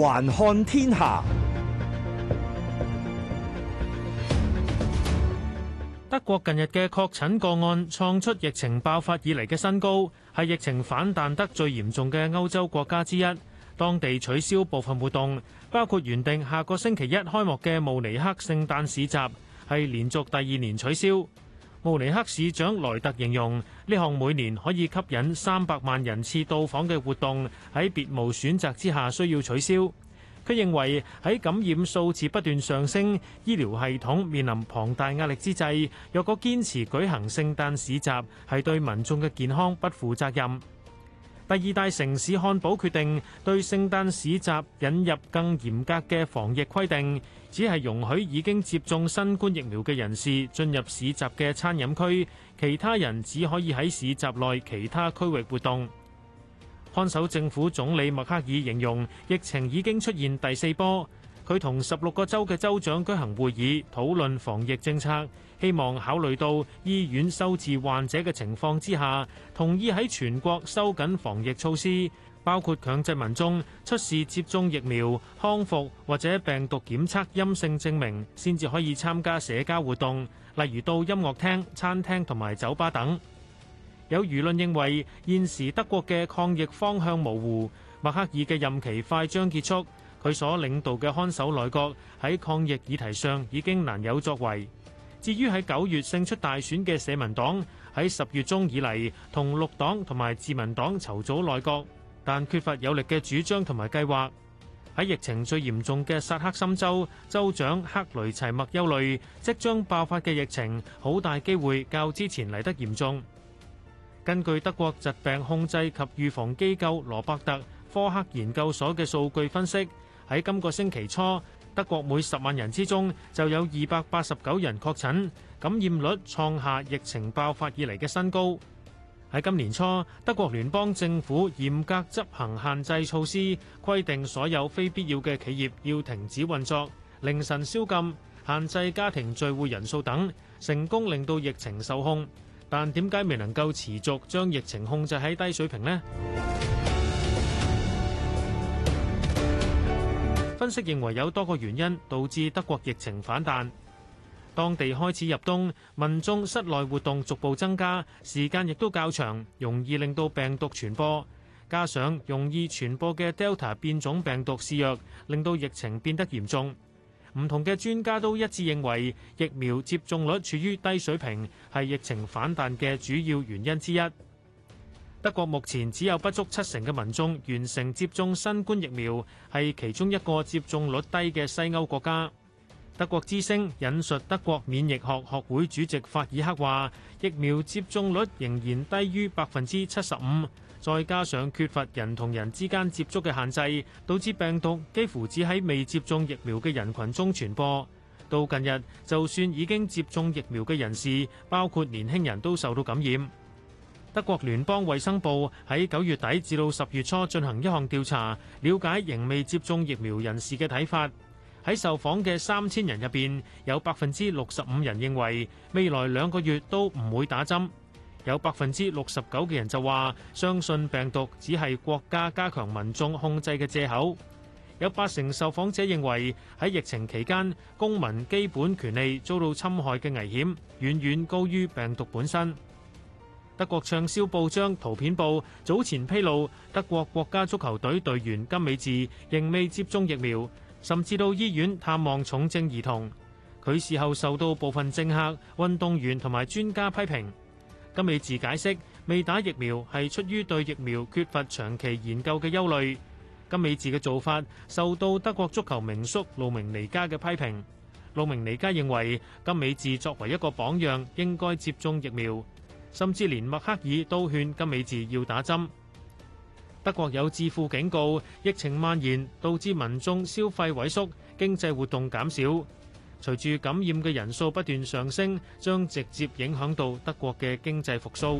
環看天下，德國近日嘅確診個案創出疫情爆發以嚟嘅新高，係疫情反彈得最嚴重嘅歐洲國家之一。當地取消部分活動，包括原定下個星期一開幕嘅慕尼黑聖誕市集，係連續第二年取消。慕尼克市長萊特形容呢項每年可以吸引三百萬人次到訪嘅活動喺別無選擇之下需要取消。佢認為喺感染數字不斷上升、醫療系統面臨龐大壓力之際，若果堅持舉行聖誕市集係對民眾嘅健康不負責任。第二大城市漢堡決定對聖誕市集引入更嚴格嘅防疫規定，只係容許已經接種新冠疫苗嘅人士進入市集嘅餐飲區，其他人只可以喺市集內其他區域活動。看守政府總理默克爾形容疫情已經出現第四波。佢同十六個州嘅州長舉行會議，討論防疫政策，希望考慮到醫院收治患者嘅情況之下，同意喺全國收緊防疫措施，包括強制民眾出示接種疫苗、康復或者病毒檢測陰性證明先至可以參加社交活動，例如到音樂廳、餐廳同埋酒吧等。有輿論認為現時德國嘅抗疫方向模糊，默克爾嘅任期快將結束。佢所領導嘅看守內閣喺抗疫議題上已經難有作為。至於喺九月勝出大選嘅社民黨，喺十月中以嚟同綠黨同埋自民黨籌組內閣，但缺乏有力嘅主張同埋計劃。喺疫情最嚴重嘅薩克森州，州，州長克雷齊默憂慮，即將爆發嘅疫情好大機會較之前嚟得嚴重。根據德國疾病控制及預防機構羅伯特·科克研究所嘅數據分析。喺今個星期初，德國每十萬人之中就有二百八十九人確診，感染率創下疫情爆發以嚟嘅新高。喺今年初，德國聯邦政府嚴格執行限制措施，規定所有非必要嘅企業要停止運作、凌晨宵禁、限制家庭聚會人數等，成功令到疫情受控。但點解未能夠持續將疫情控制喺低水平呢？分析認為有多個原因導致德國疫情反彈，當地開始入冬，民眾室內活動逐步增加，時間亦都較長，容易令到病毒傳播。加上容易傳播嘅 Delta 變種病毒肆虐，令到疫情變得嚴重。唔同嘅專家都一致認為，疫苗接種率處於低水平，係疫情反彈嘅主要原因之一。德國目前只有不足七成嘅民眾完成接種新冠疫苗，係其中一個接種率低嘅西歐國家。德國之聲引述德國免疫學學會主席法爾克話，疫苗接種率仍然低於百分之七十五，再加上缺乏人同人之間接觸嘅限制，導致病毒幾乎只喺未接種疫苗嘅人群中傳播。到近日，就算已經接種疫苗嘅人士，包括年輕人都受到感染。德國聯邦衛生部喺九月底至到十月初進行一項調查，了解仍未接種疫苗人士嘅睇法。喺受訪嘅三千人入邊，有百分之六十五人認為未來兩個月都唔會打針；有百分之六十九嘅人就話相信病毒只係國家加強民眾控制嘅借口。有八成受訪者認為，喺疫情期間，公民基本權利遭到侵害嘅危險遠遠高於病毒本身。德國暢銷報章圖片報早前披露，德國國家足球隊隊員金美治仍未接種疫苗，甚至到醫院探望重症兒童。佢事後受到部分政客、運動員同埋專家批評。金美治解釋，未打疫苗係出於對疫苗缺乏長期研究嘅憂慮。金美治嘅做法受到德國足球名宿路明尼加嘅批評。路明尼加認為，金美治作為一個榜樣，應該接種疫苗。甚至連默克爾都勸金美治要打針。德國有智庫警告，疫情蔓延導致民眾消費萎縮、經濟活動減少。隨住感染嘅人數不斷上升，將直接影響到德國嘅經濟復甦。